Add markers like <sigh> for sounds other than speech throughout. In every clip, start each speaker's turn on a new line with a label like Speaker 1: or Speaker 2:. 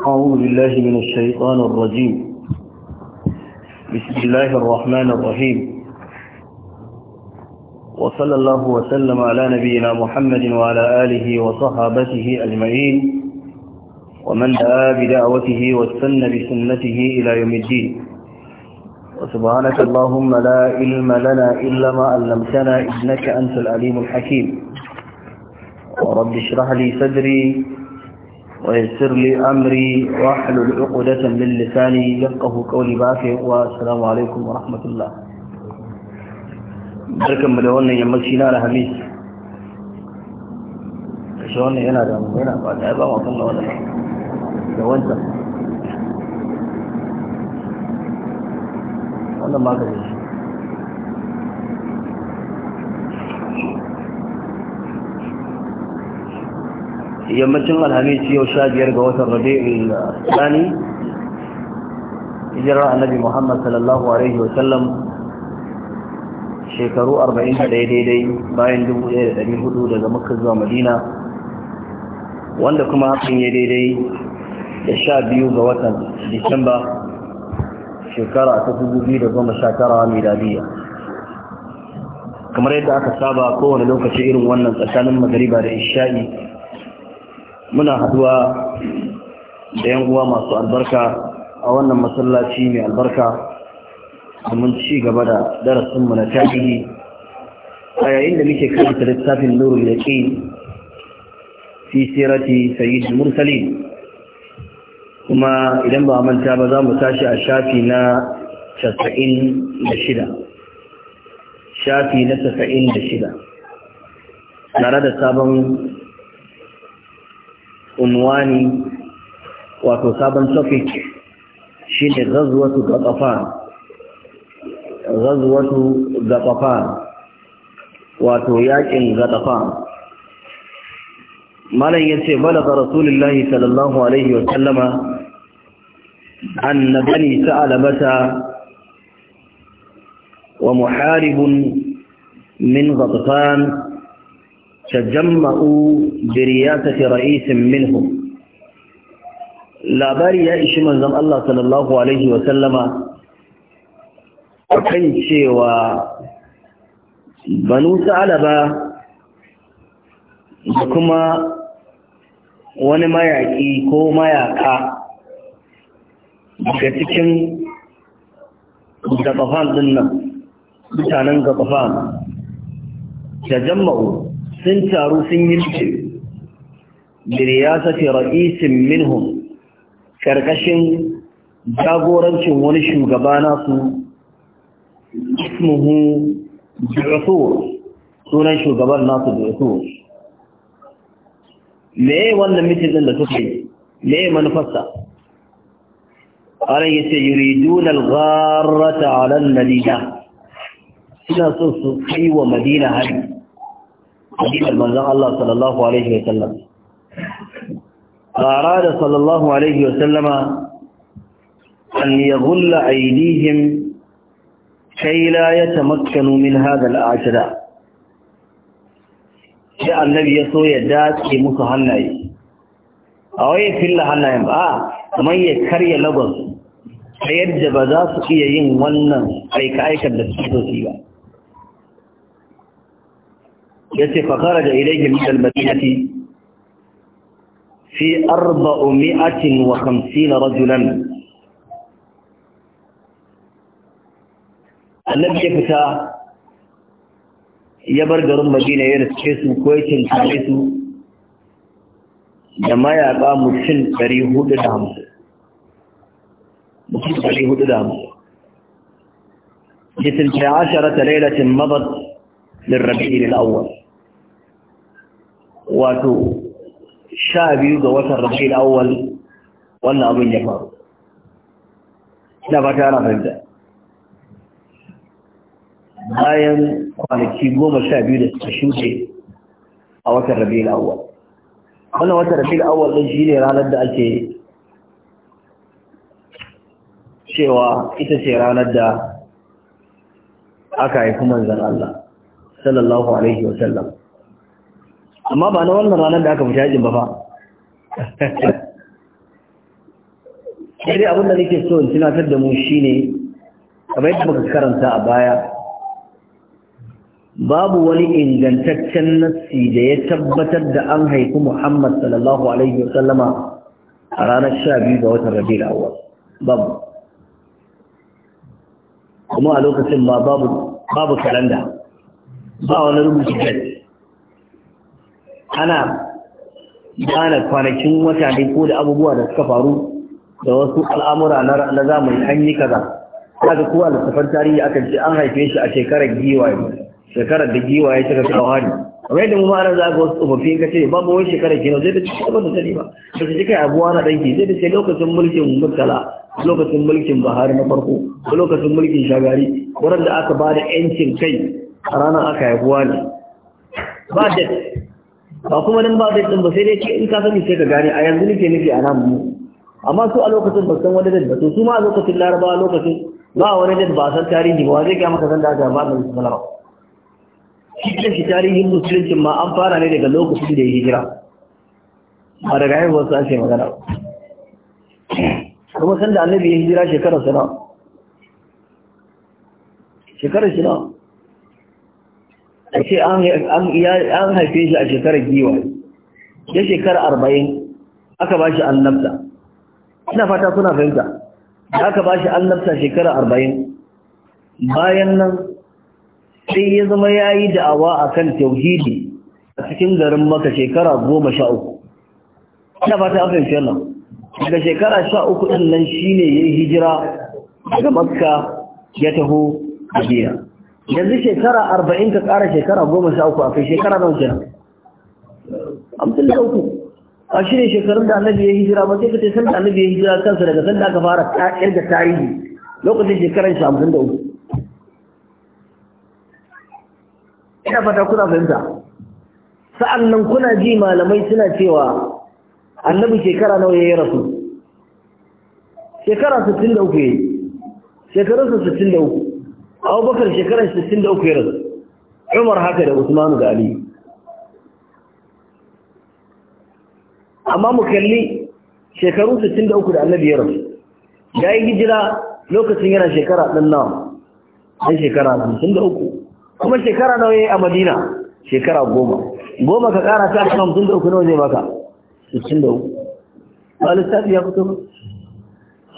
Speaker 1: أعوذ بالله من الشيطان الرجيم بسم الله الرحمن الرحيم وصلى الله وسلم على نبينا محمد وعلى آله وصحابته أجمعين ومن دعا بدعوته واستنى بسنته إلى يوم الدين وسبحانك اللهم لا علم لنا إلا ما علمتنا إنك أنت العليم الحكيم ورب اشرح لي صدري ويسر لي أمري واحلل عقدة من لساني يفقه قولي باكي والسلام عليكم ورحمة الله da wannan yammaci na alhamis shi wannan yana da yana ba da ba wannan yammacin alhamis yau sha biyar ga watan rabi'ul tsani hijirar annabi muhammad sallallahu alaihi wa sallam shekaru 41 daidai bayan 1400 daga makka zuwa madina wanda kuma hakan ya daidai da sha biyu ga watan disamba shekara ta 2019 miladiya kamar yadda aka saba kowane lokaci irin wannan tsakanin magariba da isha'i muna haduwa da yan uwa masu albarka a wannan masallaci mai albarka domin ci gaba da darasinmu na tarihi a yayin da muke kai da littafin nurul ke fi sirati sayyid mursali kuma idan ba manta ba za mu tashi a shafi na 96 shafi na 96 tare da sabon unwani wato sabon topic shi ne gazuwatu gatsafan gazuwatu gatsafan wato yakin gatsafan malam ya ce balaga rasulullahi sallallahu alaihi wasallama أن بني سألمة ومحارب من غطفان tajamma'u bi riyasati ra'isin minhum labari ya ishi manzon Allah sallallahu alaihi wa sallama kan cewa banu salaba da kuma wani mayaƙi ko mayaƙa daga cikin gabafan ɗin mutanen gabafan da jamma'u sun taru sun yi mutum biriyasati ra'isin minhum ƙarƙashin jagorancin wani shugaba nasu ismuhu jirasur sunan shugaban nasu jirasur me wannan mitin da suka yi me manufarsa ƙarar ya ce yuridun algharrata alal madina suna so su kai wa madina hari hadisin manzon Allah sallallahu alaihi wa sallam arada sallallahu alaihi wa sallama an yaghulla aydihim kay la yatamakkanu min hadha al-ashra sai annabi ya so ya dace musu hannaye a waye filla hannayen ba kamar ya karya lagos a yadda ba za su iya yin wannan aika-aikar da su so ba يتي فخرج إليه من المدينة في أربعمائة وخمسين رجلا لم يكتا يبرجر المدينة يرسكس كويت الحديث لما السن مسلم بريه دام مسلم بريه دام في عشرة ليلة مضت للربيع الأول wato sha biyu ga watan rafi awwal wannan abin ya faru ina fata yana fahimta bayan kwanaki goma sha biyu da suka shuke a watan rabi'ul awwal wannan watan rabi'ul ɗin shi ne ranar da ake cewa ita ce ranar da aka haifi manzan Allah sallallahu alaihi wa sallam amma ba na wannan ranar da aka fi shaƙin ba fa sai dai abinda nake so in tunatar da mu ne. kamar yadda muka karanta a baya babu wani ingantaccen nassi da ya tabbatar da an haifi Muhammad sallallahu alaihi Wasallama a ranar sha biyu ga watan da awa babu kuma a lokacin ba babu kalanda ba wani rubutu date ana gane kwanakin mutane ko da abubuwa da suka faru da wasu al'amura na zamani an yi kaza ga kowa littafan tarihi aka ce an haife shi a shekarar giwaye shekarar da giwaye suka ga tsawari kamar yadda mu ma ana za ga wasu tsofaffi ka ce babu wani shekarar kino zai da ci gaba da sani ba da su kai abuwa na ɗanki zai da ce lokacin mulkin murtala lokacin mulkin buhari na farko lokacin mulkin shagari wurin da aka ba da 'yancin kai a ranar aka haifuwa ne ba da ba kuma nan ba zai din ba sai dai in ka sani sai ka gane a yanzu nake nufi a nan mu amma su a lokacin ba san wani date ba to su ma a lokacin laraba a lokacin ba wani date ba san tarihi ba zai ga maka san da aka ba da musulma shi ne shi tarihin musulunci ma an fara ne daga lokacin da ya hijira ba daga haihuwar wasu ake magana kuma san da annabi ya hijira shekarar sana shekarar sana a ce an haife shi a shekarar giwa ya shekara arba'in aka ba shi annabta ina fata suna fahimta da aka ba shi annabta shekara arba'in bayan nan sai ya zama ya yi da'awa a kan tauhidi a cikin garin maka shekara goma sha uku ina fata a fahimta nan daga shekara sha uku ɗin nan shi ne ya yi hijira daga makka ya taho a biya yanzu shekara arba'in ka ƙara shekara goma sha uku a kai shekara nawa kenan hamsin da uku a shi ne shekarun da annabi ya hijira ba sai ka ce san da annabi ya hijira kansa daga san da aka fara ƙyar da tarihi lokacin shekaran shi hamsin da uku ina fata kuna fahimta sa'an nan kuna ji malamai suna cewa annabi shekara nawa ya yi rasu shekara sittin da uku ya yi shekarunsa sittin da uku abubakar shekarar 63 ya rasu umar haka da usmanu da ali amma mu kalli shekaru 63 da annabi ya rasu ya yi hijira lokacin yana shekara ɗan nawa ɗan shekara 53 kuma shekara nawa ya yi a madina shekara goma goma ka ƙara ta kan 53 nawa zai baka 63 ba lissafi ya fito ba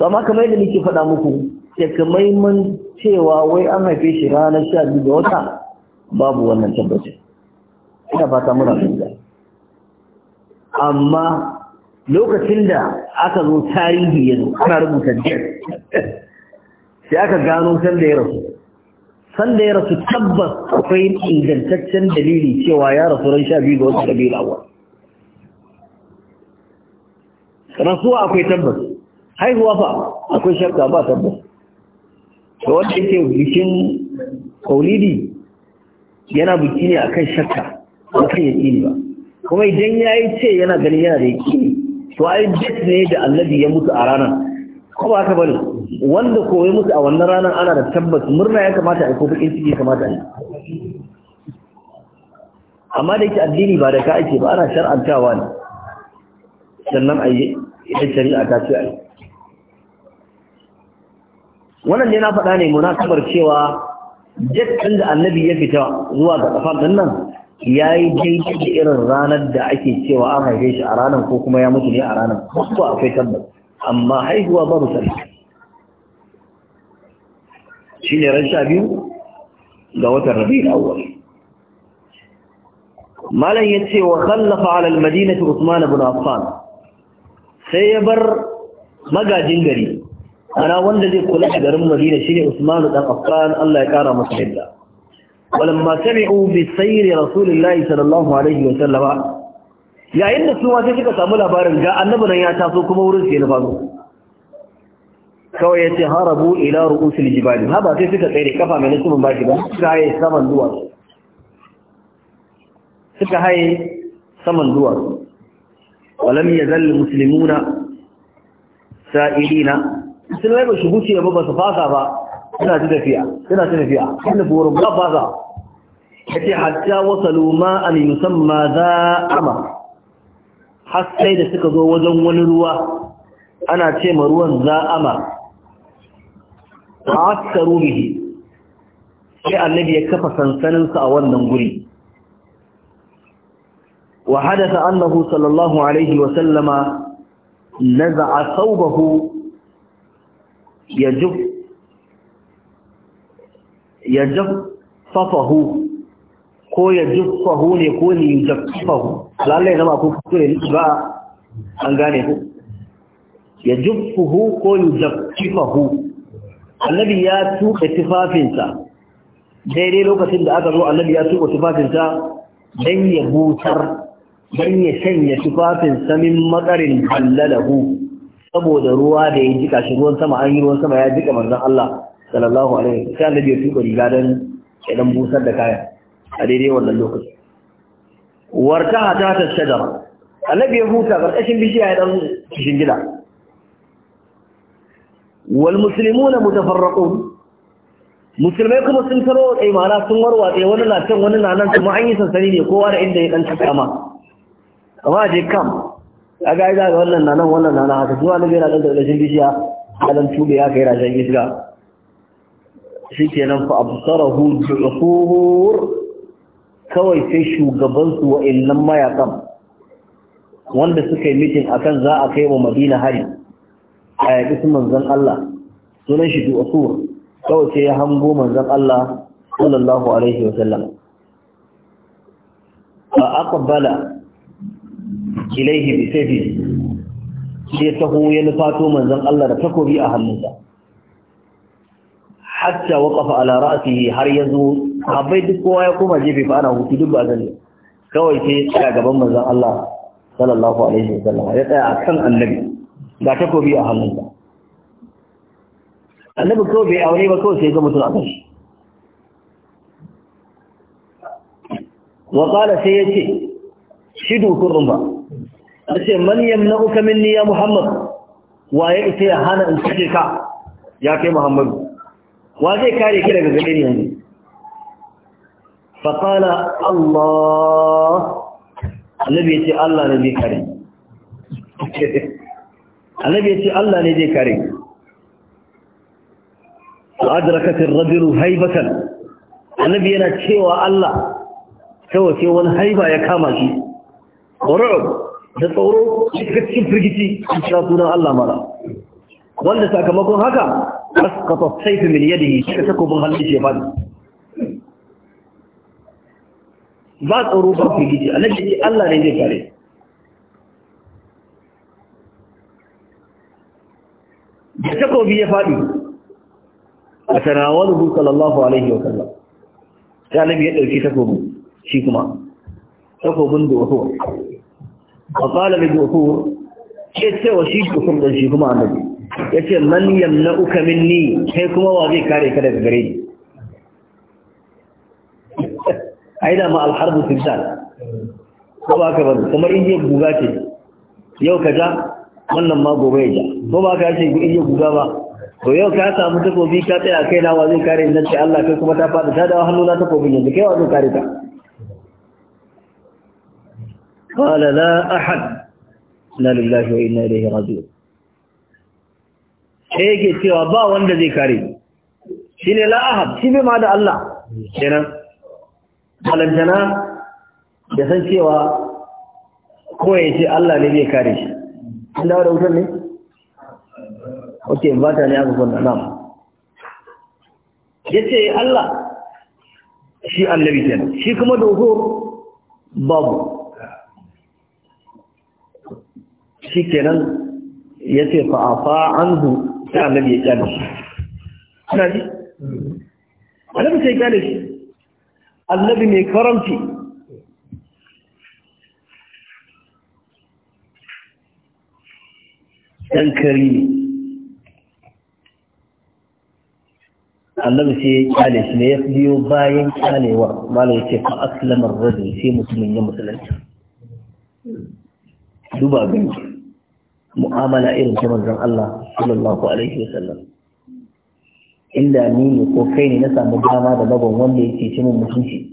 Speaker 1: amma kamar yadda nake faɗa muku takamaiman cewa wai an haife shi ranar sha biyu da wata babu wannan tabbacin ina fata muna fahimta amma lokacin da aka zo tarihi ya zo ana rubuta jiyar <laughs> sai aka gano sanda ya rasu sanda ya rasu tabbas akwai ingantaccen dalili cewa ya rasu ran sha biyu ga wasu ƙabila wa rasuwa akwai tabbas haihuwa fa akwai shakka ba tabbas da wanda yake bikin kaulidi yana biki ne akan shakka ba kan yaƙini ba kuma idan ya yi ce yana ganin yana da yaƙini to ai duk ne da annabi ya mutu a ranar ko ba ka bari wanda koyi mutu a wannan ranar ana da tabbas murna ya kamata a ko bakin ciki ya kamata a amma da yake addini ba da ka ake ba ana shar'antawa ne sannan a yi shari'a ta ce a yi wannan ne na faɗa ne munasabar cewa jaddan da annabi ya fita zuwa ga kafar nan ya yi daidai da irin ranar da ake cewa an haife shi a ranar ko kuma ya mutu ne a ranar ko akwai tabbas amma haihuwa ba mu sarki shi ne ran sha biyu ga watan rabi'ul awwal malam yace wa khallafa ala al-madinati Usman ibn Affan sai ya bar magajin gari ana wanda zai kula a garin madina shine usmanu dan affan Allah ya kara masa hidda walamma sami'u bi sayri rasulillahi sallallahu alaihi wa sallama yayin da su wata suka samu labarin ga annabi nan ya taso kuma wurin sai na fazo kawai ya ce harabu ila ru'usul jibali ha ba sai suka tsere kafa mai nasu ba shi ba suka haye saman duwatsu suka haye saman duwatsu walam yazal muslimuna sa'ilina musulmai ba su huce ba ba su fasa ba suna ta tafiya suna ta tafiya inda burin ba fasa ya ce hatta wasa ma an yusamma za ama har sai da suka zo wajen wani ruwa ana ce ma ruwan za ama ta'akkaru bihi sai annabi ya kafa sansaninsa a wannan guri wa hadasa annahu sallallahu alaihi wa sallama naza'a thawbahu يجب يجب صفه ko ya fahu ne ko ne yajib hu lallai zama ko kuskure ba an gane ku yajib Hu ko yajib Hu? annabi ya tuka tufafinsa daidai lokacin da aka zo annabi ya tuka tufafinsa dan ya butar dan ya shanya tufafinsa min matsarin hallalahu saboda ruwa da ya jika shi ruwan sama an yi ruwan sama ya jika manzon Allah sallallahu alaihi wasallam sai annabi ya tuka riga dan ya dan busar da kaya a daidai wannan lokaci warka hata ta shajara annabi ya huta karkashin bishiya ya dan kishin gida wal muslimuna mutafarraqun musulmai kuma sun taro tsaye eh, mana sun warwatse wani na can wani na nan kuma an yi sansani ne kowa da inda ya dan kama amma je kam a ga za ga wannan nanan wannan nanan haka zuwa na bera ɗanɗa rashin bishiya halin tube ya kai rashin bishiya shi ke nan fa abusara hujjur kawai sai shugabansu wa'annan mayakan wanda suka yi mitin akan za a kai wa madina hari a yaƙi su manzan Allah sunan shi du'asur kawai sai ya hango manzan Allah sallallahu alaihi wa sallam fa aqbala ilaihi bi sayfi sai taho ya nufato manzon Allah da takobi a hannunsa hatta waqafa ala ra'sihi har yazo abai duk kowa ya koma jefe fa ana hutu duk ba gani kawai sai tsaya gaban manzon Allah sallallahu alaihi wasallam ya tsaya akan annabi ga takobi a hannunsa annabi ko bai aure ba kawai sai ga mutum a kan shi wa qala sai yace shidu kurrun ba a ce man yamna'uka minni ya wa ya ita ya hana in kace ka ya kai muhammadu wa zai kare ki daga gare ni yanzu fa qala allah annabi yace allah ne zai kare <laughs> annabi yace allah ne zai kare adrakat ar-rajulu haybatan annabi yana cewa allah kawai sai wani haiba ya kama shi qur'u da
Speaker 2: tsoro cikin firgici a cikin
Speaker 1: sunan Allah mara wanda sakamakon haka asqata sayfi min yadihi shi bin hannun shi ya fadi ba tsoro ba firgici annabi Allah ne zai kare da takobi ya faɗi, a tanawaluhu sallallahu alaihi wa sallam sai annabi ya sako takobin shi kuma takobin da wato wa qala كيف ghufur ce wa shi ghufur dan shi kuma annabi yace man yamna'uka minni kai kuma wa kare ka ma ko ba ka ba kamar guga ce yau ka ja wannan ma gobe ya ja ko ba ka guga ba to yau ka samu takobi ka tsaya kai na wa zai kare nan ce Allah kai kuma ta fada ta dawo hannu na takobin yanzu kai wa zai kare ta قال لا أحد na lillahi wa inna ilaihi raji'un sai yake cewa ba wanda zai kare shine la ahad shi bai ma da Allah kenan balantana da cewa ko ya ce Allah ne zai kare shi an dawo ne ok ba ta ne aka kunna nam ya ce Allah shi annabi kenan shi kuma dogo babu shi kenan ya ce fa'afa an hu sai annabi ya kyale shi ana ji annabi sai kyale shi annabi mai karamci ɗan kari ne annabi sai ya kyale shi ne ya biyo bayan kyalewa malam ya ce fa aslamar rajin sai mutumin ya musulunta duba gani mu'amala irin ta manzon Allah sallallahu alaihi wasallam inda ni ne ko kai ne na samu dama da babban wanda ya cin min mutunci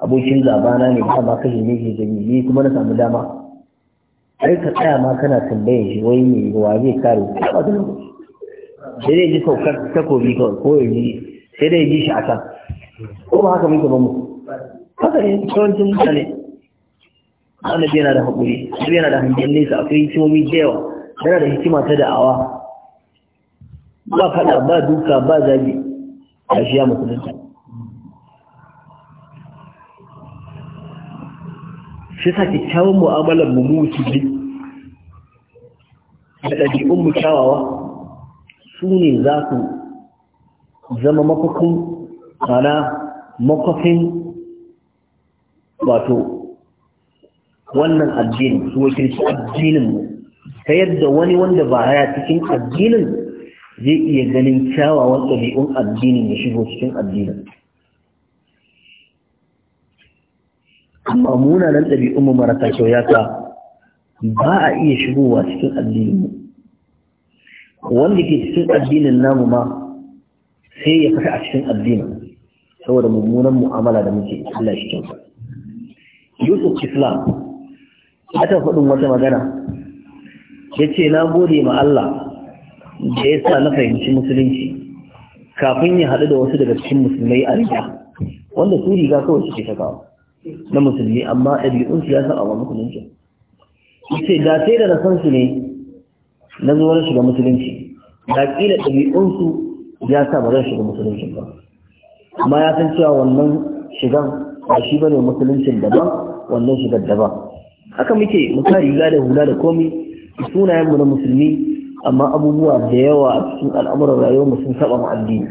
Speaker 1: abokin zabana ne ba ma kashe ne ke gani ni kuma na samu dama ai ka tsaya ma kana tambaye shi wai ne ga zai kare ka ba da sai dai ji saukar takobi kawai ko ya ji sai dai ji shi a kan ko ba haka muke ba mu
Speaker 2: haka ne yawancin mutane
Speaker 1: annabi yana da haƙuri annabi yana da hangen nesa akwai tsomi da yawa yana da hikima ta da'awa ba fada ba duka ba zagi a shi ya musulunta shi sa kyakkyawan mu'amalar su ji da ɗabi'un mu kyawawa su ne za su zama makwakin kana makwakin wato wannan addini su wakilci addinin ta yadda wani wanda ba ya cikin addinin zai iya ganin kyawawan ɗabi'un addinin ya shigo cikin addinin
Speaker 2: amma munanan
Speaker 1: ɗabi'un mu marasa kyau ya sa ba a iya shigowa cikin addinin mu wanda ke cikin addinin namu ma sai ya fita a cikin addinin saboda mummunan mu'amala da muke Allah shi kyau. Yusuf Islam ta faɗin wata magana ya ce na gode ma Allah da ya sa na fahimci musulunci kafin ya haɗu da wasu daga cikin musulmai a riga wanda su riga kawai suke ta kawo na musulmi amma ɗabi'unsu ya saba wa musulunci ya ce da sai da na san su ne na zuwa na shiga musulunci da ƙila ɗabi'unsu ya sa ba zan shiga musulunci ba amma ya san cewa wannan shigan ba shi ba ne musuluncin daban wannan shigar daban haka muke mu riga da hula da komi sunayenmu na musulmi amma abubuwa da yawa a cikin al'amuran rayuwar sun saba mu addini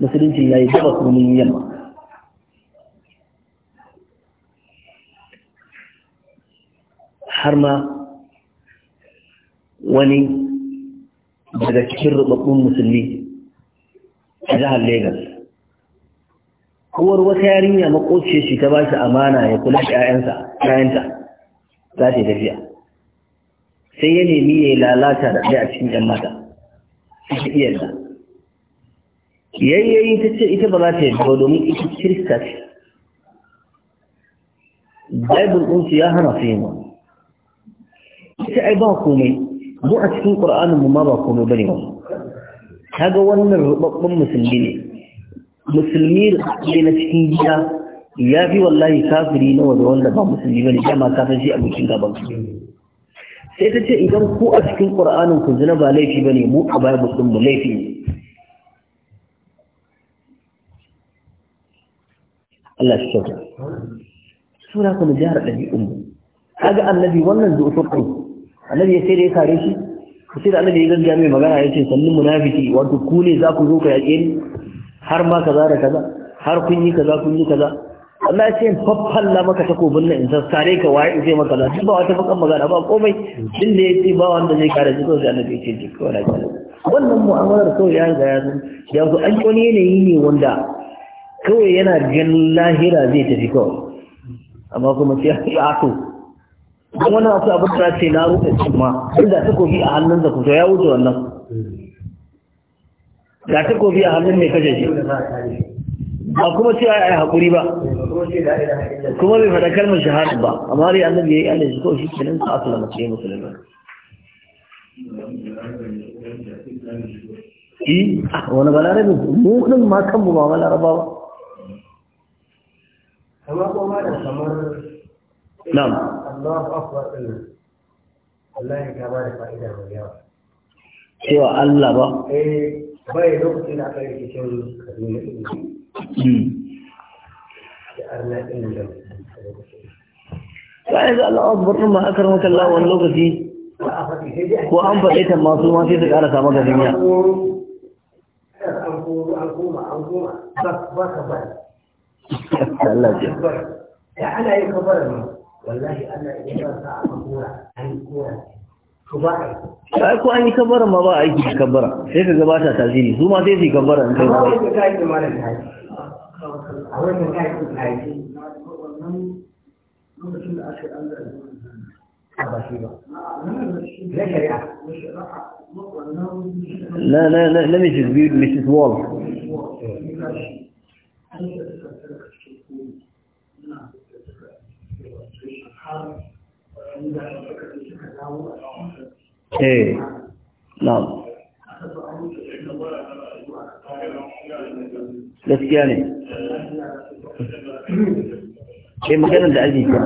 Speaker 1: musulunci ya yi taba sunan yamma har ma wani daga cikin rubabbun musulmi a jihar Legas kowar wata yarinya makociyar shi ta ba shi amana ya kula da 'ya'yansa 'ya'yanta za ta tafiya sai ya nemi ya lalata da ɗaya a cikin ɗan mata ta iya da yayyayi ta ce ita ba za ta yadda domin ita kirista ce bible ɗinsu ya hana su yin wani ita ai ba komai mu a cikin ƙur'anin mu ma ba komai ba ne ba ga wannan rubabban musulmi ne musulmi ne na cikin gida ya fi wallahi kafiri na wanda ba musulmi ba ne, ya ma kafin shi abokin gaban sai ta ce idan ku a cikin ƙura'anin ku zina ba laifi ba ne mu a bayan musulun mu laifi ne
Speaker 2: Allah shi kyauta sura
Speaker 1: ku na jihar ɗabi'un mu kaga annabi wannan zuwa tukun annabi ya sai da ya kare shi ku sai da annabi ya gaggaya mai magana ya ce sannu munafiki wato ku ne za ku zo ka yaƙe ni har ma kaza da kaza har kun yi kaza kun yi kaza Allah ya ce faffalla maka takobin nan in sassare ka waye zai maka da ba wata fakan magana ba komai din da yake ba wanda zai kare shi kawai annabi ce ji ko da wannan mu'amalar kawai ya ga ya zo an ne yi ne wanda kawai yana gan lahira zai tafi kawai amma kuma sai ya ato ah, don wani asu abu da ce na shi ma inda takobi a hannun ku to ya wuce wannan ga takobi a hannun mai kaje shi ba kuma cewa ai hakuri ba kuma bai faɗa kalmar shahada ba amma dai annabi yayi Allah shi ko shi kenan sa aslama ce musulmi i wani balarabe mu din ma kan mu ba balaraba ba
Speaker 2: kamar kuma da kamar na'am Allahu akbar Allah ya gaba da fa'ida mai yawa
Speaker 1: cewa Allah ba
Speaker 2: eh bai lokacin da aka yi cikin
Speaker 1: kaduna ba yanzu Allah akbar ɗin ma aka ramata kalla wani lokaci
Speaker 2: ko an faɗe ta masu ma sai su ƙara kama ga duniya ana yi kabarar ma wallahi ya
Speaker 1: ba an yi kabara ma ba aiki kabara sai ka gabata tasiri su ma sai su yi ba
Speaker 2: لا لا لا لا لم يجد بيد مش واضح ايه نعم gaskiya ne
Speaker 1: sai maganar da ake kira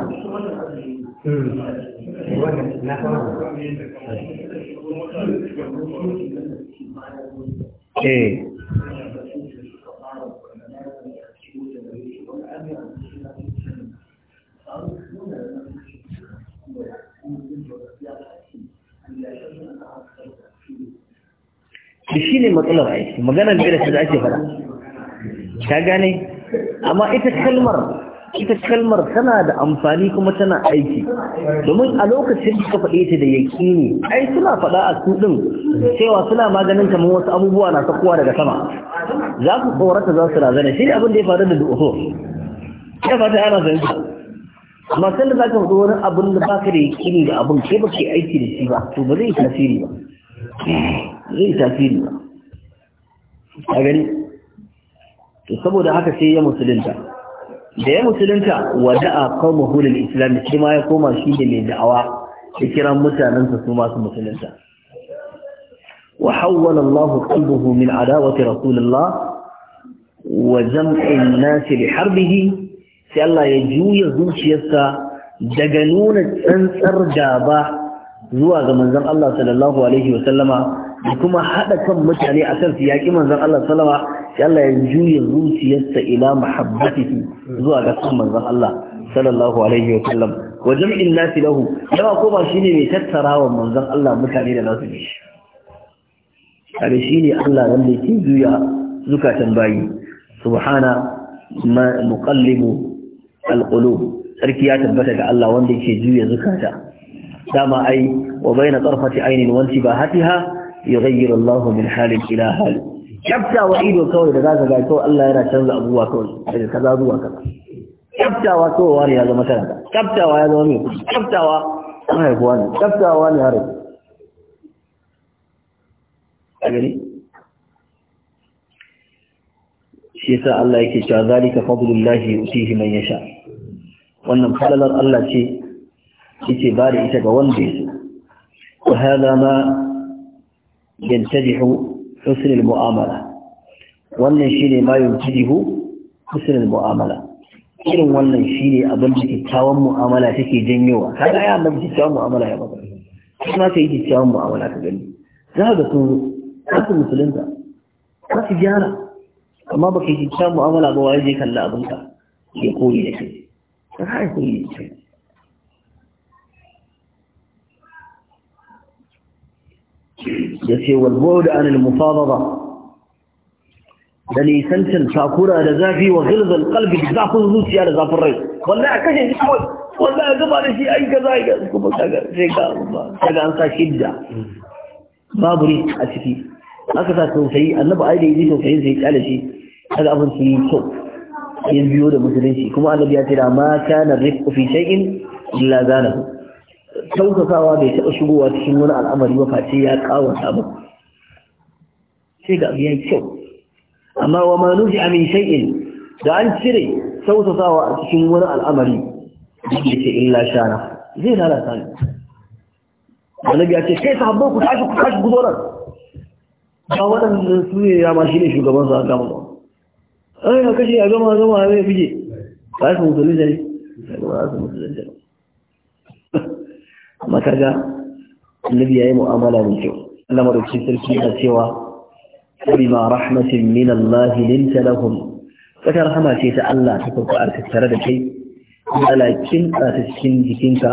Speaker 1: eh shi ne matsalar aiki maganar da ake fara ka gane
Speaker 2: amma ita kalmar
Speaker 1: ita kalmar tana da amfani kuma tana aiki domin a lokacin da suka faɗe ta da yaƙini ai suna faɗa a su ɗin cewa suna maganin kamar wasu abubuwa na sakowa daga sama za ku tsorata za su razana shi abin da ya faru da duho ya fata ana fahimta amma da za ka faɗo wani abin da baka da yaƙini da abin kai ba ke aiki da shi ba to ba zai tasiri ba zai tasiri ba a gani to saboda haka sai ya musulunta da ya musulunta wada'a qaumahu lil islam shi ma ya koma shi da mai da'awa ya kira mutanansa su masu musulunta wa hawwala Allah qalbuhu min adawati rasulillah wa jam'i an-nas li harbihi sai Allah ya juya zuciyarsa daga nuna tsantsar gaba zuwa ga manzon Allah sallallahu alaihi wa sallama da kuma haɗa kan mutane a kan yaƙi manzan Allah salawa Allah ya juya zuciyarsa ila muhabbatihi zuwa ga kan manzon Allah sallallahu alaihi wa sallam wa jam'in nasi lahu yawa ko ba shine mai tattarawa manzan Allah mutane da nasu bi kare shine Allah wanda yake juya zukatan bayi subhana muqallibu alqulub sarki ya tabbata ga Allah wanda yake juya zukata dama ai wa baina tarfati ainin ba hatiha يغير الله من حال الى حال كبتا وعيد وكوي ده ذاك قال تو الله يرا تنزل ابوها كوي ده كذا ابوها كذا كبتا وتو وار هذا مثلا كذا كبتا هذا زومي كبتا وا ما يبغون كبتا وان يا رب يعني شيسا الله يكي شاء ذلك فضل الله يؤتيه من يشاء وانم خلال الله شي شي باري شكا وان وهذا ما yantajihu حسن mu'amala wannan shine ma yantajihu husnul mu'amala irin wannan shine abin da kyakkyawan mu'amala take janyowa kaga ai annabi kyakkyawan mu'amala ya baka kuma ke kyakkyawan mu'amala ka gani za ka sun kasu musulunta ka su gyara amma baka yi kyakkyawan mu'amala ba waye je kalla abinka ya koyi da ke ka koyi da yace wal bu'd an al mufadada da nisantar takura da zafi wa ghilzal qalbi da zafin zuciya da zafin rai wallahi a kashe shi kawai wallahi a gaba da shi ai kaza ai kaza kuma kaga sai ga kaga an sa shidda babu ri a ciki aka sa tausayi annabi ai da yi tausayin sai kyale shi kada abin su yi kyau yin biyo da musulunci kuma annabi ya ce da ma kana rifqu fi shay'in illa zanahu tausasawa bai taɓa shigowa cikin wani al'amari ba face ya kawo ba sai ga abu kyau amma wa ma nufi amin shay'in da an cire tausasawa a cikin wani al'amari duk da ke illa shara zai lalata ne wani ya ce kai sahabbai ku tashi ku tashi ku zo ba waɗannan su ne ya ma shi ne shugaban sa gama ba
Speaker 2: ai ka kashe a gama gama ya fije
Speaker 1: ba su musulunta ne ba su musulunta amma kaga annabi yayi mu'amala mai kyau Allah madauki sarki a cewa bima rahmatin min Allah linta lahum wata rahama ce ta Allah ta farko arka tare da kai alakin ta cikin jikinka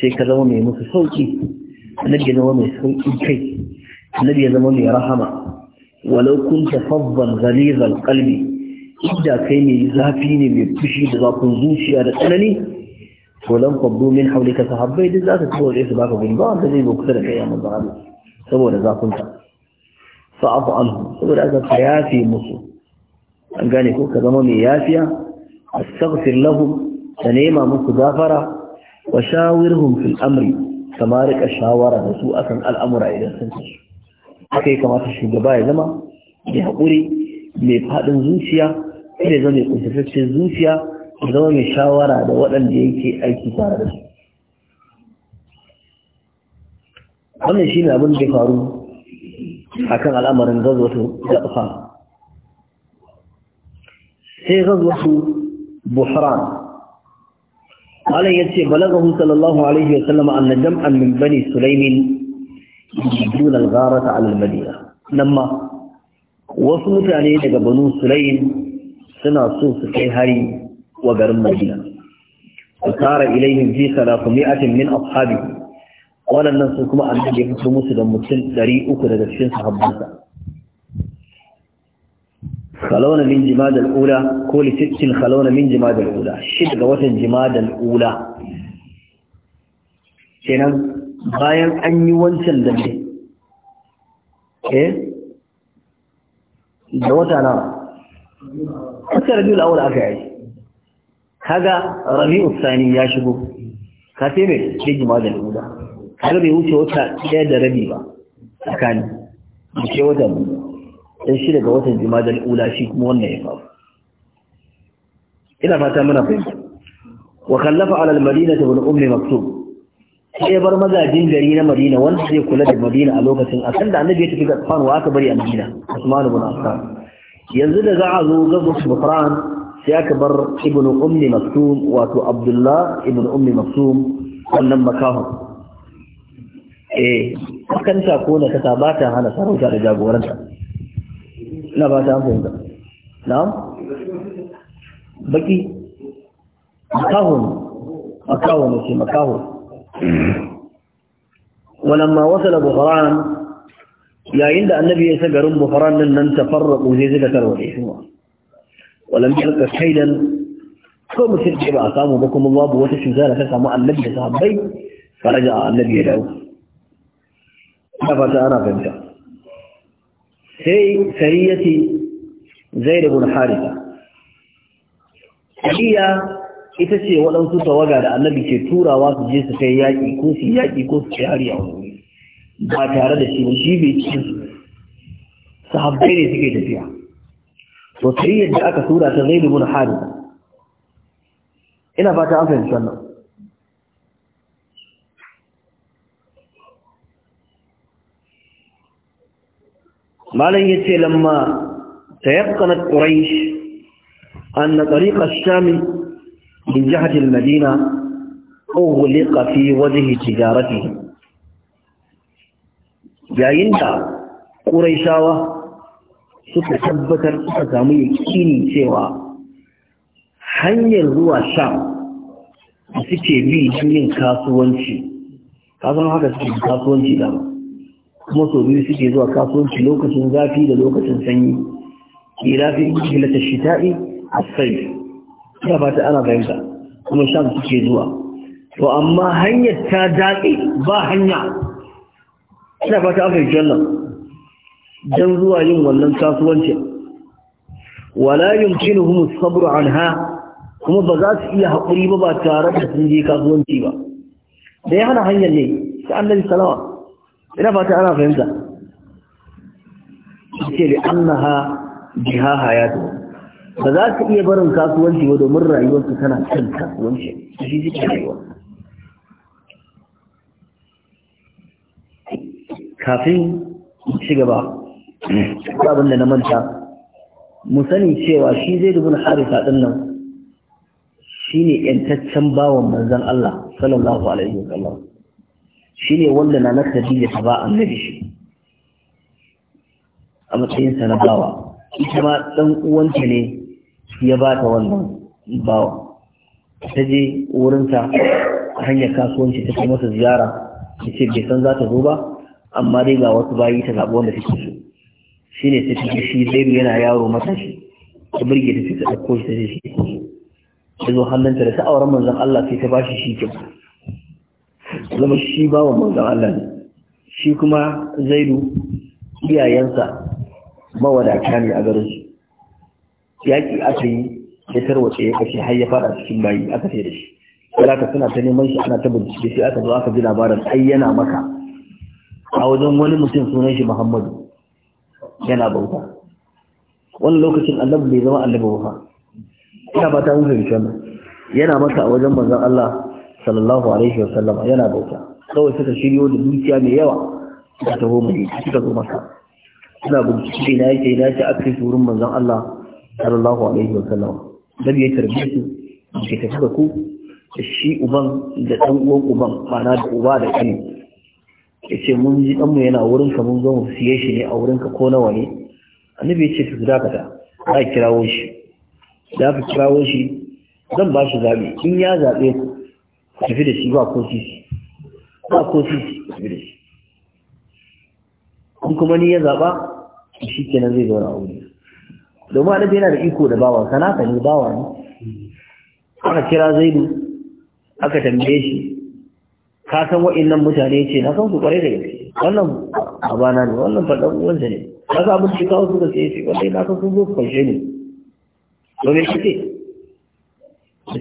Speaker 1: sai ka zama mai musu sauki annabi ya zama mai sauki kai annabi ya zama mai rahama walau kunta faddan ghaliz alqalbi idda kai mai zafi ne mai fushi da zafin zuciya da tsanani to lan fabdu min haulika sahabbai duk za su ci waje su baka gudu ba wanda zai kusa da kai a manzon Allah saboda zafinta fa'afu anhu saboda aka ka musu an gane ko ka zama mai yafiya astaghfir lahum ka nema musu gafara wa shawirhum fil amri kama rika shawara da su akan al'amura idan sun ci haka kamata shugaba ya zama mai haƙuri mai faɗin zuciya ne zama mai kuntataccen zuciya ya zama mai shawara da waɗanda yake aiki tare da su wannan shi ne abin da ya faru a kan al'amarin gazwatu da ƙafa sai gazwatu buhran alai ya ce balagahu sallallahu alaihi wa sallama an najam an min bani sulaimin yujibun al-gharata ala al-madina nan ma wasu mutane daga banu sulaim suna so su kai hari wa garin madina tsara ilayhim fi salatumi'atin min ashabi waɗannan su kuma annabi ya fito musu da mutum ɗari uku daga cikin خلونا من جماد الأولى كل ست خلونا من جماد الأولى شد وتن جماد الأولى kenan bayan an yi wancan dambe eh da wata na wata rabiul aka yi kaga rabi'u sani ya shigo ka sai mai jima da guda Kaga bai wuce wata ɗaya da rabi ba tsakani da ke wata ɗan shi daga watan da ula shi kuma wannan ya faru ina fata muna fahimta wa kallafa al madina ta wani ummi maktub sai bar mazajin gari na madina wanda zai kula da madina a lokacin a da annabi ya tafi ga kwan aka bari a madina usman ibn affan yanzu da za a zo gabas bukran sai aka bar ibn ummi maktum wato abdullah ibn ummi maktum wannan makahon eh kanta ko na kasa ba ta hana sarauta da jagoranta ina ba ta hankali da na'am baki makahon makahon ce makahon ولما wasala بحران yayin da annabi ya isa garin bufaran nan nan tafarraku sai suka tarwaɗe shi walam yalqa kaidan ko mutum ce ba a samu ba kuma babu wata cuta da ta samu annabi da sahabbai faraja a annabi ya dawo ina fata ana fahimta sai sariyati zaid ibn haritha sariya ita ce waɗansu tawaga da annabi ke turawa su je su kai yaƙi ko su yaƙi ko su kai a wani
Speaker 2: ba tare da shi
Speaker 1: shi bai ci sahabbai ne suke tafiya to sai yadda aka tura ta zai bin harisa ina fata an fahimci wannan malam yace lamma tayaqqanat quraish anna tariq ash-sham min jihati al-madina ughliqa fi wajhi tijaratihi yayin da quraishawa suka tabbatar suka samu yakini cewa hanyar zuwa sham da suke bi don yin kasuwanci kasan haka suke kasuwanci da kuma sau biyu suke zuwa kasuwanci lokacin zafi da lokacin sanyi ke lafi hilata shita'i a sai ya fata ana bayanta kuma sham suke zuwa to amma hanyar ta daɗe ba hanya ina fata aka yi jannan don zuwa yin wannan kasuwancin wala yumkinuhum as-sabr anha kuma ba za su iya haƙuri ba ba tare da sun je kasuwanci ba da ya hana hanyar ne sai annabi salawa ina fata ana fahimta ce da annaha jiha hayatu ba za su iya barin kasuwanci ba domin rayuwarsu tana kan kasuwanci shi ke rayuwa kafin ci gaba abin da na manta mu sani cewa shi zai dubu harisa ɗin nan shi ne ‘yantaccen bawan manzan Allah sallallahu alaihi wa sallam shi ne wanda na na da ta ba nabi shi a matsayinsa na bawa ita ma ɗan uwanta ne ya ba ta wannan bawa ta je wurinta a hanyar kasuwanci ta kai masa ziyara ta ce bai san za ta zo ba amma dai ga wasu bayi ta zaɓi wanda take so shi ne ta tafi shi zairu yana yaro matashi ta birge ta fita ɗauko shi ta ce shi ta zo hannunta da sa'auran manzan Allah sai ta ba shi shi kyau zama shi ba wa manzan Allah ne shi kuma zairu iyayensa mawadata ne a garin su yaƙi aka yi ya tarwace ya kashe har ya fara cikin bayi aka sai da shi ka suna ta neman shi ana ta bincike sai aka zo aka ji labarin ai yana maka a wajen wani mutum sunan shi muhammadu yana bauta wani lokacin annabi bai zama annabi ba ina ba ta mun wannan yana maka a wajen manzon Allah sallallahu alaihi wa sallama yana bauta kawai suka shiryo da dukiya mai yawa suka taho madina suka zo maka suna bincike na yake na ce akai wurin manzon Allah sallallahu alaihi wa sallama nabi ya tarbiye su ke tafi da ku da shi uban da ɗan uwan uban ma'ana da uba da ƙani ya ce mun ji ɗanmu yana wurinka mun zo mu siye shi ne a wurinka ko nawa ne annabi ya ce su dakata za a kirawo shi za ka kirawo shi zan ba shi zaɓe in ya zaɓe ku ku tafi da shi ba ko sisi ba ko sisi ku tafi da shi in kuma ni ya zaɓa shi kenan zai zauna a wuri domin annabi yana da iko da bawa sanaka ne bawa ne aka kira zaidu aka tambaye shi ka san wa'annan mutane ce na san su kware da gaske wannan abana ne wannan faɗan uwansa ne ka sa abin da kawo su gaske ce wanda na san sun zo su kwashe ne to me kike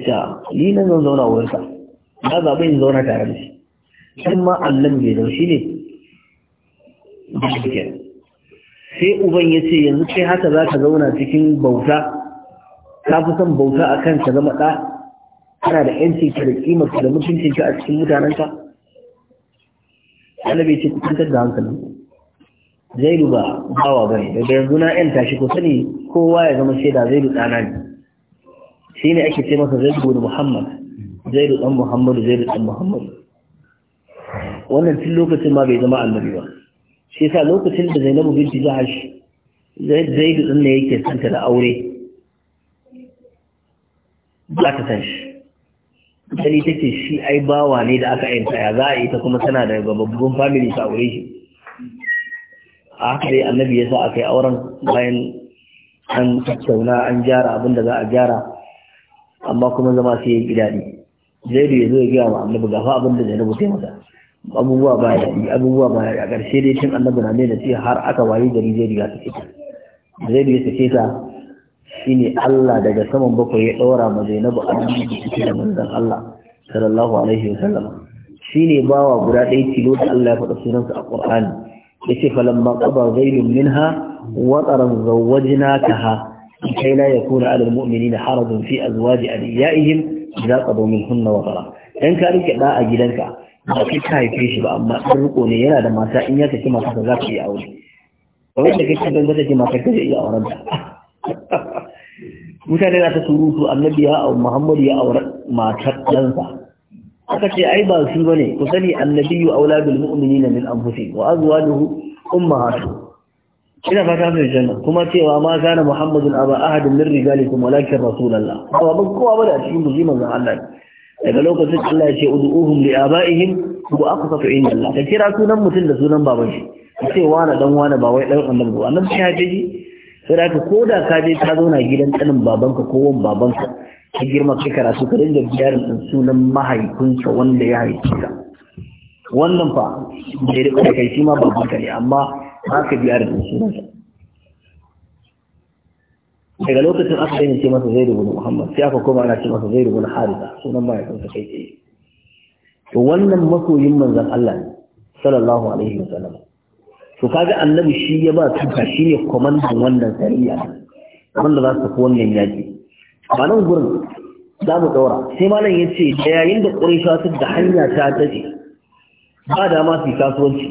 Speaker 1: ta ah, ni nan zan zauna a sa na zaɓi in zauna tare da shi in ma allon bai zau shi ne sai uban ya ce yanzu kai haka za ka zauna cikin bauta ka fi son bauta a kan ka zama ɗa kana da yanci ka da kimar da mutuncin ka a cikin mutanenka annabi ce ku kwantar da hankalin zaidu ba bawa bane daga yanzu na yan tashi ko sani kowa ya zama shaida zaidu ɗana ne shine ake ce masa zaidu bin muhammad zaidu dan muhammadu zaidu dan muhammadu wannan tun lokacin ma bai zama annabi ba shi yasa lokacin da zainabu binti jahash Zai din ne yake santa da aure ba ta san shi Sani ta shi ai bawa ne da aka yin tsaya za a ita kuma tana da babban family ta aure shi a haka dai annabi ya sa aka yi auren bayan an tattauna an gyara abin da za a gyara amma kuma zama sai ya yi daɗi zaidu ya zo ya gaya wa annabi gafa abin da zainabu sai masa. abubuwa ba ya yi abubuwa ba ya a ƙarshe dai tun annabi na ne da ce har aka wayi gari zaidu ya sake ta zaidu ya sake ta shine Allah daga saman bakwai ya ɗora ma Zainabu annabi da manzon Allah sallallahu alaihi wa shine bawa guda ɗaya tilo da Allah ya faɗa sunansa a Qur'ani yace falamma qada zaidun minha wa taran zawwajnakaha kai la yakuna ala almu'minina harajun fi azwaji adiyaihim idza qadu minhunna wa tara dan ka rike da a gidanka ba kai ka haife shi ba amma dan riko ne yana da mata in ya tafi mata za ka yi aure wanda kake ganin da ke mata ka iya auren ta mutane na ta surutu annabi ya au muhammadu ya aure matar ɗansa aka ce ai ba shi bane ku sani annabiyu auladul mu'minina min anfusihim wa azwajuhu ummahatu ina fata mai janna kuma cewa ma kana muhammadun aba ahadin min rijalikum walakin rasulullah ba ban kowa bane a cikin buji manzon Allah daga lokacin Allah ya ce ud'uhum li abaihim wa aqsatu inda Allah ka kira sunan mutum da sunan baban shi ce wani dan wani ba wai dan annabi annabi ya haji sai da ka koda ka je ka zauna gidan tsanin babanka ko wani babanka ka girma kai karatu ka dinga biyar da sunan mahaifinsa wanda ya haifi ka wannan fa bai rika da kai shi ma babanka ne amma ka biyar da sunan sunansa daga lokacin aka daina ce masa zai rubu muhammad sai aka koma ana ce masa zai rubu harisa sunan mahaifinsa kai tsaye to wannan masoyin manzon Allah ne sallallahu alaihi wasallam to kaga annabi shi ya ba tuka shi ne kwamandan wannan sariya wanda za su fi wannan yaki. ba nan gurin za mu ɗaura sai malam ya ce da yayin da ƙurisha su da hanya ta daɗe ba dama su kasuwanci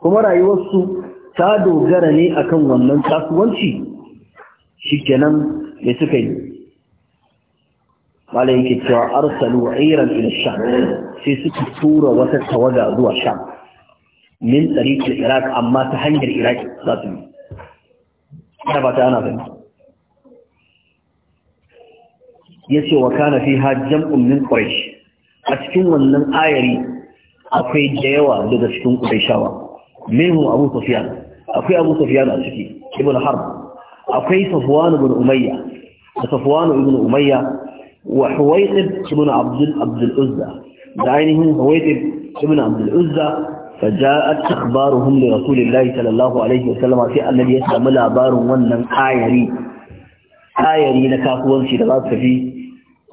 Speaker 1: kuma rayuwarsu ta dogara ne akan wannan kasuwanci shi kenan me suka yi malam yake cewa arsalu iran ila sha sai suka tura wata tawaga zuwa sha. من طريق العراق أما تحنج العراق ذاته هذا بتاعنا فهم يسوى وكان فيها جمع من قريش أشكوا أن الآيري أخي جيوا لدى شكون قريشاوا منه أبو سفيان أخي أبو صفيان أشكي ابن حرب أخي صفوان بن أمية صفوان بن أمية وحويطب ابن عبد عبد العزة دعينهم حويطب ابن عبد العزة فجاءت اخبارهم لرسول الله صلى الله عليه وسلم في wannan kayari kayari na kafuwanci da za su fi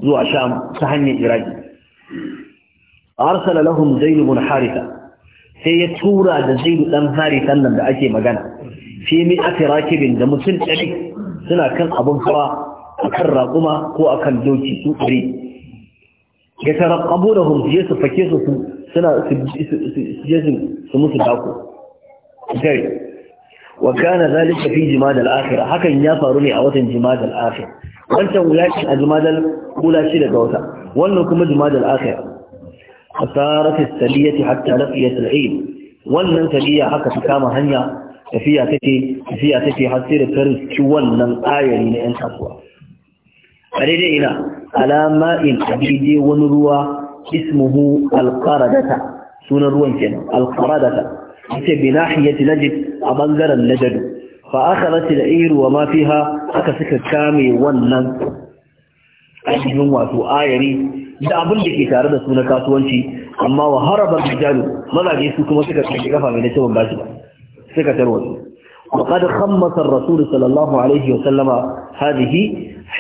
Speaker 1: zuwa sham ta hanyar iraki arsala lahum zayd ibn haritha sai ya tura da zayd dan haritha nan da ake magana fi mi atirakibin da mutum dari suna kan abun fara kan raƙuma ko akan doki su dari ya tarqabu lahum yasfakisu suna su musu dako gari wa kana zalika fi jimad al-akhir hakan ya faru ne a watan jimad al-akhir wancan wulakin a jimad al-ula shi daga wata wannan kuma jimad al-akhir asarat as-saliyati hatta laqiyat al-eid wannan saliya haka ta kama hanya tafiya take tafiya take har sai da tarin wannan ayari na yan kasuwa a daidai ina alama in abide wani ruwa ismuhu alqaradata sunan ruwan kenan alqaradata ita bi nahiyati najd a bangaren najadu fa akhadat al-ayr wa ma fiha aka suka kame wannan ainihin wato ayari da abin da ke tare da su na kasuwanci amma wa harabar rijalu mazaje su kuma suka kashe kafa mai nace ban bashi ba suka tarwatsu wa qad khammasa ar-rasul sallallahu alaihi wa sallama hadhihi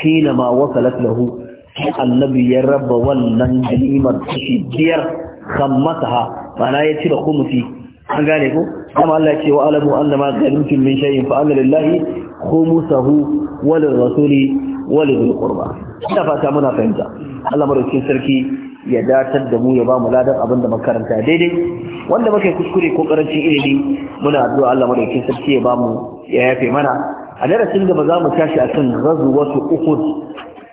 Speaker 1: hina ma wasalat lahu sai annabi ya raba wannan ganimar kashi biyar kan masaha, ma'ana ya cire khumsi an gane ko kuma Allah ya ce wa alamu annama ganimtum min shay'in fa anna lillahi khumsahu wa lirrasuli wa qurba ina fata muna fahimta Allah madaukakin sarki ya datar da mu ya bamu ladar ladan abin da makaranta daidai wanda muka kuskure ko karancin ilimi muna addu'a Allah madaukakin sarki ya bamu ya yafe mana a darasin da ba za mu tashi akan ghazwatu uhud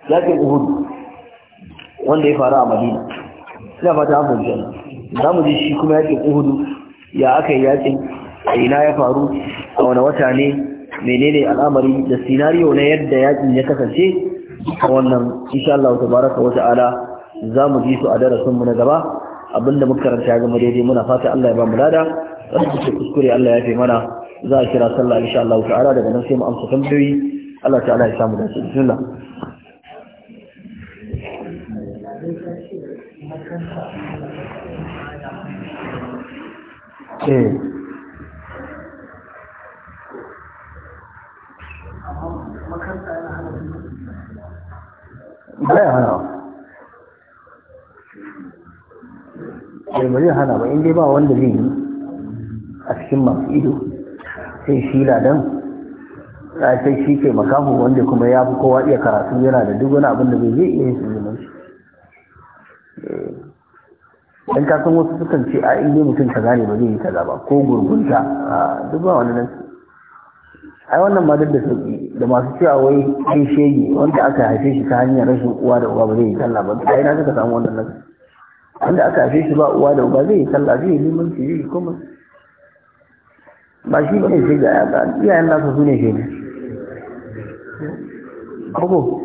Speaker 1: yakin uhud wanda ya faru a madina ina fata an ana. za mu ji shi kuma yakin uhudu ya aka yi yakin a ina ya faru a wani wata ne menene al'amari da sinariyo na yadda yakin ya kasance a wannan insha Allah baraka wa ta'ala za mu ji su a darasin mu na gaba abinda muka karanta ya zama daidai muna fata Allah ya ba mu lada wanda ce kuskure Allah ya fi mana za a kira sallah insha Allah ta'ala daga nan sai mu amsa tambayoyi Allah ta'ala ya samu dace
Speaker 2: bismillah Eh. baya hana
Speaker 1: eh, ba zai hana ba inda ba wanda zai yi a cikin masu ido sai shi ladan sai shi ke makamu wanda kuma ya fi kowa iya karatu yana da duk wani abin da zai iya yin su zama shi eh. dan ka san wasu sukan ce a inda mutum kaza ne ba zai yi kaza ba ko gurgunta duk ba wani nan ai wannan ma duk da sauki da masu cewa wai ai shege wanda aka haife shi ta hanyar rashin uwa da uba ba zai yi sallah ba ai na suka samu wannan nan wanda aka haife shi ba uwa da uba zai yi sallah zai yi limanci zai yi kuma ba shi ba ne shege a yaka iyayen nasa su ne shege
Speaker 2: Koko.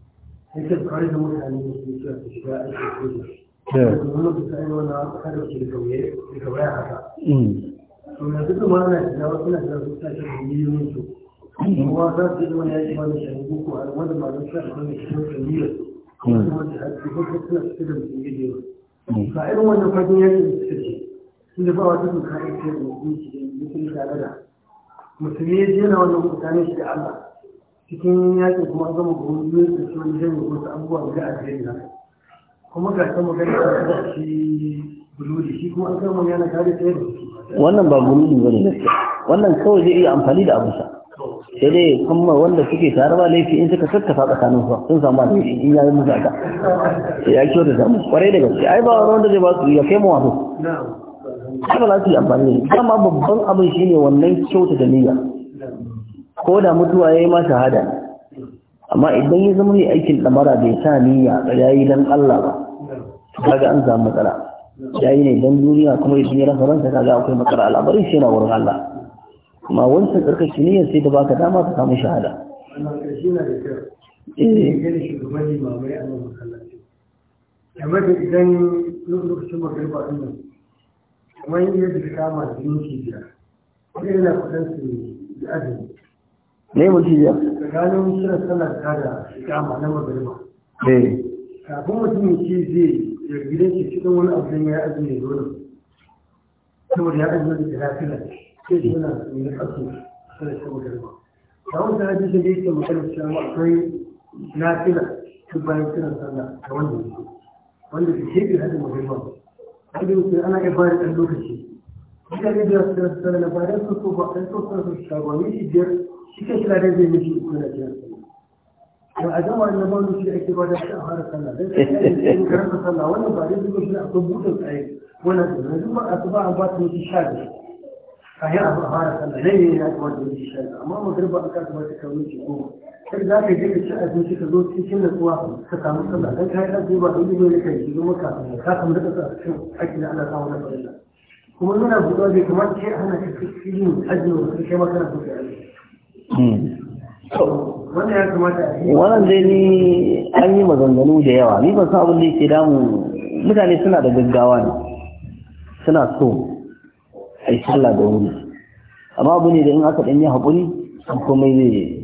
Speaker 2: yake tsari da mutane da su cewa su shiga aiki mm. da shi. da da na shiga su tashi da miliyoyin su. Kuma za su ba a da da mm. su. Kuma cikin suna da mm. wannan fadin da shi da Musulmi ya je na wannan mutane shi da Allah. cikin yakin kuma an gama buhun biyu da su zai yi wasu abubuwa ga na. kuma ga ta magana ta kuma shi bululi shi kuma an gama yana kare tsaye da su wannan ba bululi
Speaker 1: ba ne, wannan kawai zai iya amfani da abusa sai dai kuma wanda suke tare ba laifi in suka tattafa tsakanin su sun samu alheri in yayi musa aka sai ya kiyo da samu kwarai da gaske ai ba wanda zai ba su ya kai mu wato
Speaker 2: haka za su yi amfani da shi dama
Speaker 1: babban abin shine wannan kyauta da niyya ko da mutuwa ya yi ma shahada amma idan ya zama ne aikin damara bai sa niyya ya yi don Allah
Speaker 2: ba kaga
Speaker 1: an samu matsala ya yi ne don duniya kuma idan ya rasa ransa kaga akwai matsala al'amarin shi yana wurin Allah amma wancan tsarkake niyyar sai ta baka dama ka samu shahada
Speaker 2: game da eh. idan lokacin magariba ɗin nan kamar yadda ta kama da yanki biyar wani yana kudin su da azumi ne mutum ya tsakanin shirin sanar ta da kama na magarba eh. kafin mutum shi zai ya gidan shi cikin wani abu ne ya ajiye dole saboda ya ajiye da lafiya sai shi yana mai kasu sanar ta magarba da wani sanar da shi ne ke magana cewa akwai lafiya duk bayan kiran sallah da wanda ya ce wanda ke shekar hajji magarba wanda ya ce ana iya bayar ɗan lokaci Ita ne da sallah na bayan su ko ba ɗan sosai su shagwani shi biyar shi kan kira dai zai miki uku na jiya ba a gama na ba shi ake bada shi a fara sallah dan sai in karanta sallah wannan ba dai zuwa shi akwai buɗin tsaye wannan da na ba a tuba an ba ta mutu sha biyu a yi abu a fara sallah nan ne ya kamata da mutu sha biyu amma magarba an kasa ba ta kawo miki goma sai za ka je ka ci abinci ka zo cikin natsuwa ka samu sallah dan kayan azumi ba dai zuwa ne kai zo maka ka samu da kasa cikin aiki na Allah ta'ala da kuma nuna buɗa bai kamata sai ka cikin yin azumi da kai ma kana buɗe Hmm. wannan
Speaker 1: dai ni an yi maganganu da yawa ni ban san abin da yake damu mutane suna da gaggawa ne suna so a yi sallah da wuri amma abu ne da in aka ɗanyi haƙuri komai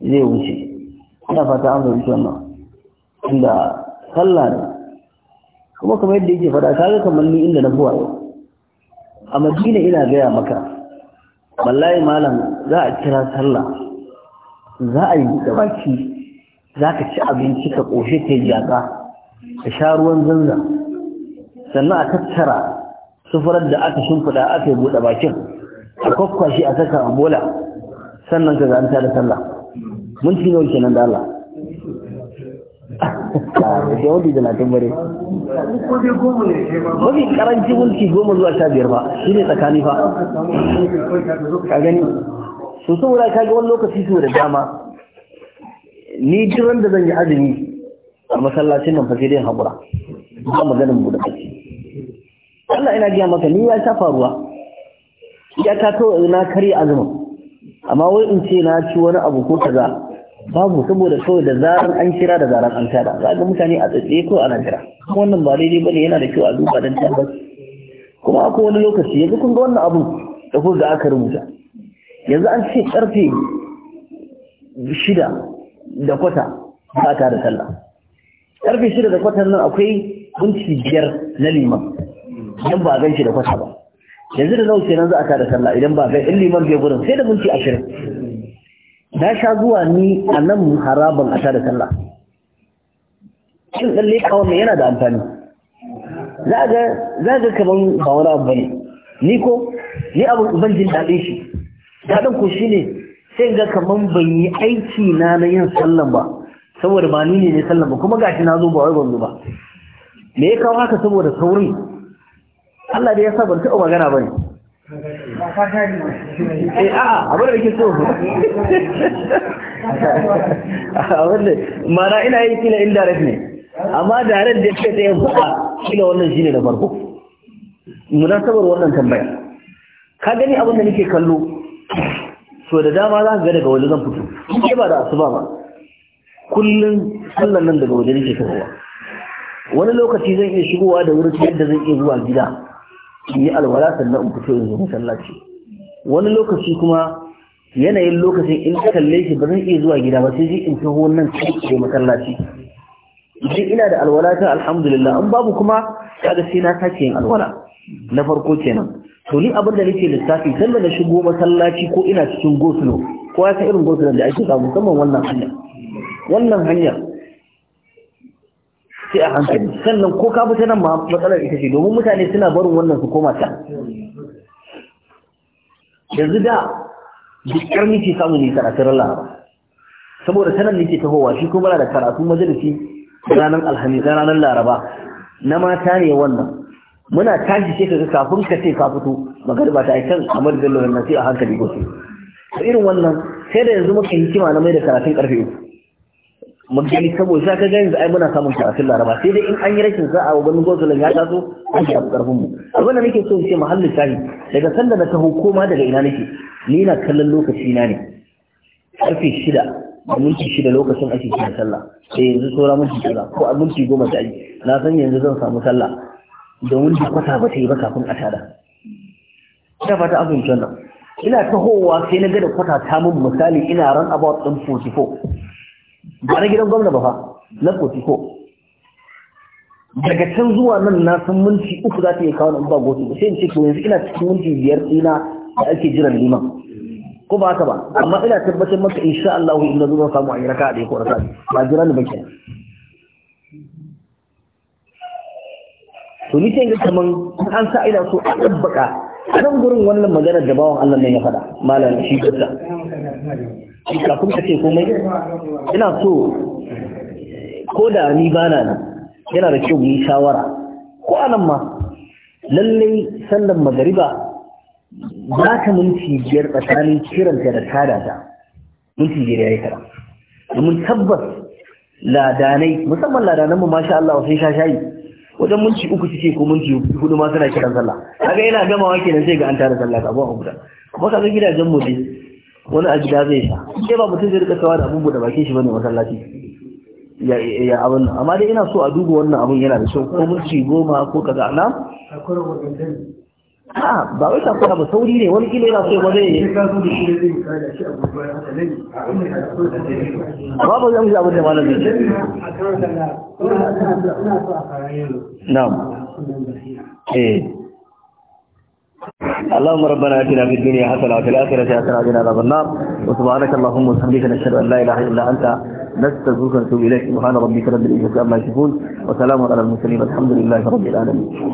Speaker 1: zai wuce ina fata an fahimci wannan inda sallah ne kuma kamar yadda yake faɗa kaga kamar ni inda na buwa yau a madina ina gaya maka Ballayi malam za a kira sallah za a yi da baki za ka ci abinci ka ƙoshe ka yi ka sha ruwan zanza, sannan a tattara sufurar da aka shimfiɗa aka yi buɗe bakin a kwakwashi a saka a bola sannan ka zanta da sallah mun ci nawa kenan da Allah
Speaker 2: da wani
Speaker 1: talatin bare mafi karanci mulki goma zuwa sha biyar ba shi ne tsakani fa ka gani su saboda ka ga wani lokaci su da dama ni jiran da zan yi azumi a masallacin nan fasiri haƙura ba maganin buɗe baki Allah ina gaya maka ni ya sha faruwa ya ta kawai na karya azumin amma wai in ce na ci wani abu ko kaza babu saboda kawai da zaran an kira da zaran an tada za ga mutane a tsaye ko ana jira wannan ba daidai bane yana da kyau a duba dan tabbas kuma akwai wani lokaci yanzu kun ga wannan abu da ku ga aka rubuta yanzu an ce karfe shida da kwata ba ta da sallah karfe shida da kwata nan akwai kunci biyar na liman idan ba a gan da kwata ba yanzu da nau kenan za a tada sallah idan ba a gan liman bai gurin sai da minti ashirin na sha zuwa ni a nan haraban a da sallah shin ɗan leƙa wannan yana da amfani za ga kaman ba wani abu bane ni ko ni abin ban jin daɗin shi daɗin ko shi ne sai ga kamar ban yi aiki na na yin sallan ba saboda ba ni ne ne sallan ba kuma gashi na zo ba wai ban ba me ya kawo haka saboda saurin Allah da ya sa ban taɓa magana ne.
Speaker 2: eh a'a abin da ke so
Speaker 1: mana ina yi kila indirect ne amma direct da ke tsaye kuɗa kila wannan shi ne da farko munasabar wannan tambaya ka gani abin da nake kallo so da dama za ka ga daga waje zan fito ke ba da asuba ba kullum sallan nan daga waje nake fitowa wani lokaci zan iya shigowa da wurin yadda zan iya zuwa gida yi alwala sannan in fito in zo masallaci wani lokaci kuma yanayin lokacin in ka kalle shi ba zan iya zuwa gida ba sai in taho nan sai masallaci idan ina da alwala ta alhamdulillah in babu kuma kaga sai na sake yin alwala na farko kenan to ni abin da nake lissafi sanda na shigo masallaci ko ina cikin gosulo ko ya irin gosulo da ake samu musamman wannan hanya wannan hanyar sai a hankali sannan ko ka fita nan matsalar ita ce domin mutane suna barin wannan su koma can yanzu da dukkan samun nisa a karatun lahara saboda sanan ta tahowa shi kuma da karatu majalisi ranar alhamis ranar laraba na mata ne wannan muna tashi ce kaga kafin ka ce ka fito ba ta kan amar bello na sai a hankali gosu irin wannan sai da yanzu muka hikima na mai da karatun karfe uku mun gani saboda za ka gani ai muna samun karatun laraba sai dai in an yi rashin sa'a a wani gozulan ya taso a shafi karfin mu abin da nake so in ce mahallin shahi daga sanda na taho koma daga ina nake ni na kallon lokaci na ne karfe shida a minti shida lokacin ake kiran sallah sai yanzu saura minti shida ko a minti goma sai na san yanzu zan samu sallah domin da kwata ba ta yi ba kafin a tada ina fata abin wannan ina tahowa sai na ga da kwata ta mun misali ina ran about 44 ba na gidan gwamna ba fa na ko. daga can zuwa nan na san minti uku za ta yi kawo in ba ba sai in ce ko yanzu ina cikin minti biyar ɗina da ake jiran liman ko ba haka ba amma ina tabbatar maka insha Allah in na zuwa samu a yi a ɗaya ko raka'a ba jira ni ba kenan to ni sai ga kaman an sa ina so a tabbaka a nan gurin wannan maganar da bawan Allah ne ya faɗa malam shi gaskiya
Speaker 2: kafin ka ce komai ina so
Speaker 1: ko da ni ba na nan yana da kyau yi shawara ko anan ma lallai sallan magariba za ka minti biyar tsakanin kiranta da tada ta minti biyar ya yi kara domin tabbas ladanai musamman ladanan mu masha Allah sai sha shayi wajen minti uku suke ko minti hudu ma suna kiran sallah kaga yana gamawa kenan sai ga an tara sallah abu a huda kuma kaga gidajen mu dai wani a gida zai sa sai ba mutum zai rika sawa da abubuwa da bakin shi bane masallaci ya ya abun nan amma dai ina so a duba wannan abun yana da shauku ko ci goma ko kaza na a ba wai takura ba sauri ne wani kila yana so ba zai
Speaker 2: ba ba zan ji abin da malam zai na'am
Speaker 1: eh اللهم ربنا اتنا في الدنيا حسنه وفي الاخره حسنه وقنا عذاب النار وسبحانك اللهم وبحمدك نشهد ان لا اله الا انت
Speaker 2: نستغفرك ونتوب اليك سبحان ربك رب العزه عما يصفون وسلام على المرسلين الحمد لله رب العالمين